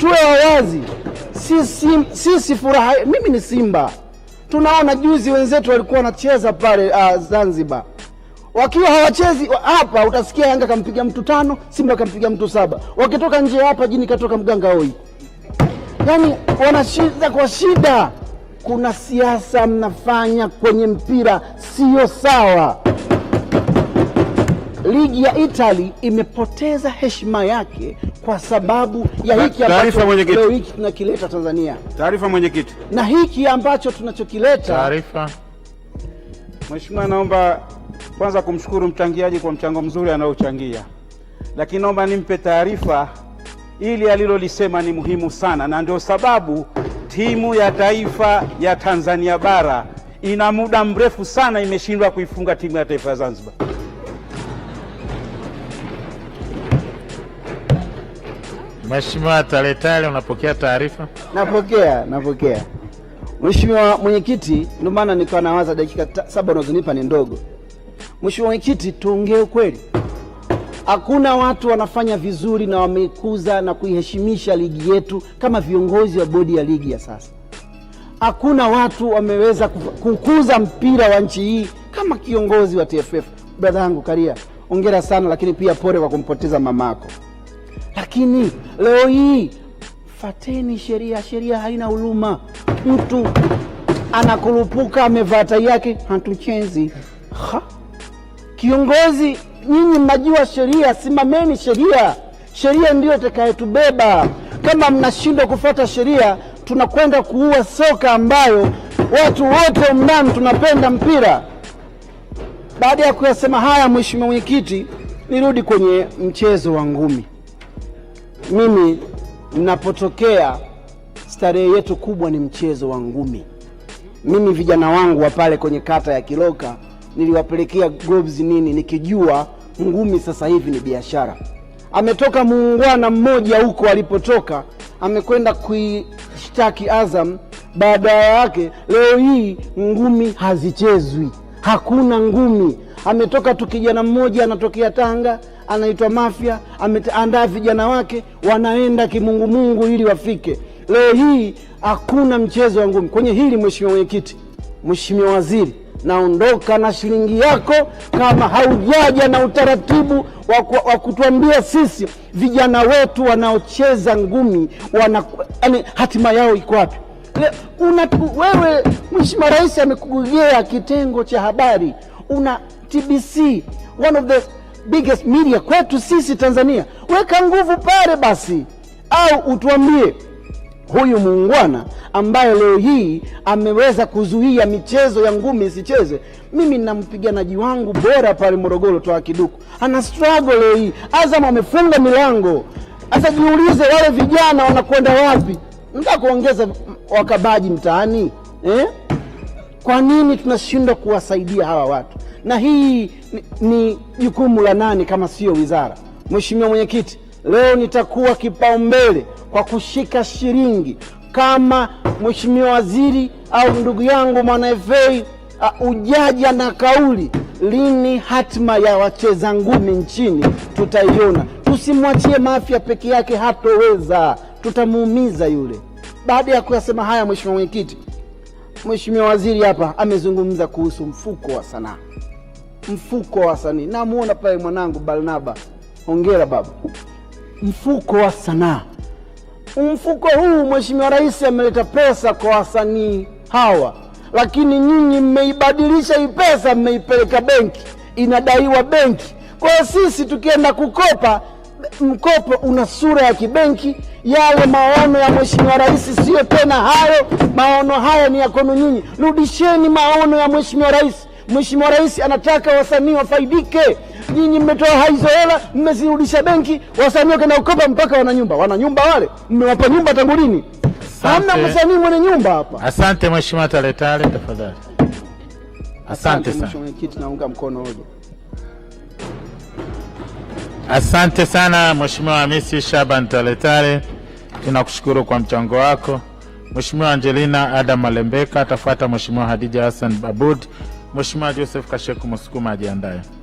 tuwe wawazi sisi, sisi furaha. Mimi ni Simba, tunaona juzi wenzetu walikuwa wanacheza pale uh, Zanzibar wakiwa hawachezi hapa, utasikia Yanga kampiga mtu tano, Simba kampiga mtu saba, wakitoka nje hapa jini katoka mganga hoi. Yani wanashinda kwa shida. Kuna siasa mnafanya kwenye mpira, siyo sawa ligi ya Italy imepoteza heshima yake kwa sababu ya hiki ambacho leo hiki tunakileta Tanzania. Taarifa mwenyekiti, na hiki ambacho tunachokileta taarifa. Mheshimiwa, naomba kwanza kumshukuru mchangiaji kwa mchango mzuri anaochangia, lakini naomba nimpe taarifa ili alilolisema ni muhimu sana, na ndio sababu timu ya taifa ya Tanzania bara ina muda mrefu sana imeshindwa kuifunga timu ya taifa ya Zanzibar. Mheshimiwa Taletale, unapokea taarifa? Napokea, napokea Mheshimiwa Mwenyekiti, ndio maana nikawa nawaza dakika saba unazonipa ni ndogo. Mheshimiwa Mwenyekiti, tuongee ukweli, hakuna watu wanafanya vizuri na wameikuza na kuiheshimisha ligi yetu kama viongozi wa bodi ya ligi ya sasa. Hakuna watu wameweza kukuza mpira wa nchi hii kama kiongozi wa TFF. bradha yangu Karia, ongera sana, lakini pia pole kwa kumpoteza mamako. Lakini leo hii fateni sheria. Sheria haina huruma. Mtu anakurupuka amevaa tai yake, hatuchenzi ha? Kiongozi, nyinyi mnajua sheria, simameni sheria. Sheria ndiyo takayetubeba Kama mnashindwa kufuata sheria, tunakwenda kuua soka ambayo watu wote mnani tunapenda mpira. Baada ya kuyasema haya, Mheshimiwa Mwenyekiti, nirudi kwenye mchezo wa ngumi mimi ninapotokea, starehe yetu kubwa ni mchezo wa ngumi. Mimi vijana wangu wa pale kwenye kata ya Kiloka niliwapelekea gloves nini, nikijua ngumi sasa hivi ni biashara. Ametoka muungwana mmoja huko alipotoka, amekwenda kuishtaki Azam. Baada yake leo hii ngumi hazichezwi, hakuna ngumi. Ametoka tu kijana mmoja anatokea Tanga anaitwa Mafia, ameandaa vijana wake wanaenda kimungumungu ili wafike. Leo hii hakuna mchezo wa ngumi kwenye hili. Mheshimiwa Mwenyekiti, Mheshimiwa Waziri, naondoka na shilingi yako kama haujaja na utaratibu wa kutuambia sisi vijana wetu wanaocheza ngumi wana, ane, hatima yao iko wapi? Wewe Mheshimiwa Rais amekugugea kitengo cha habari, una TBC one of the biggest media kwetu sisi Tanzania. Weka nguvu pale basi, au utuambie huyu muungwana ambaye leo hii ameweza kuzuia michezo ya ngumi isicheze. Mimi na mpiganaji wangu bora pale Morogoro, Twaha Kiduku, ana struggle leo hii. Azam amefunga milango. Sasa jiulize, wale vijana wanakwenda wapi? Nataka kuongeza wakabaji mtaani eh? Kwa nini tunashindwa kuwasaidia hawa watu? Na hii ni jukumu la nani kama sio wizara? Mheshimiwa Mwenyekiti, leo nitakuwa kipaumbele kwa kushika shilingi kama mheshimiwa waziri au ndugu yangu mwana FA uh, ujaja na kauli lini hatima ya wacheza ngumi nchini tutaiona. Tusimwachie Mafya peke yake, hatoweza, tutamuumiza yule. Baada ya kuyasema haya, mheshimiwa mwenyekiti Mheshimiwa Waziri hapa amezungumza kuhusu mfuko wa sanaa, mfuko wa sanii. Namwona pale mwanangu Barnaba, hongera baba. Mfuko wa sanaa, mfuko huu Mheshimiwa Rais ameleta pesa kwa wasanii hawa, lakini nyinyi mmeibadilisha hii pesa, mmeipeleka benki, inadaiwa benki. Kwa hiyo sisi tukienda kukopa mkopo una sura ya kibenki. Yale maono ya mheshimiwa rais siyo tena hayo. Maono haya ni ya kwenu nyinyi, rudisheni maono ya mheshimiwa rais. Mheshimiwa rais anataka wasanii wafaidike. Nyinyi mmetoa hizo hela mmezirudisha benki, wasanii wakaenda kukopa mpaka wana nyumba, wana nyumba wale mmewapa nyumba tangu lini? Hamna msanii mwenye nyumba hapa. Asante mheshimiwa Taletale, tafadhali. Asante sana mwenyekiti, naunga mkono hoja. Asante sana Mheshimiwa Hamisi Shaban Taletale, tunakushukuru kwa mchango wako. Mheshimiwa Angelina Adam Malembeka, atafuata Mheshimiwa Hadija Hassan Abud. Mheshimiwa Joseph Kasheku Musukuma ajiandaye.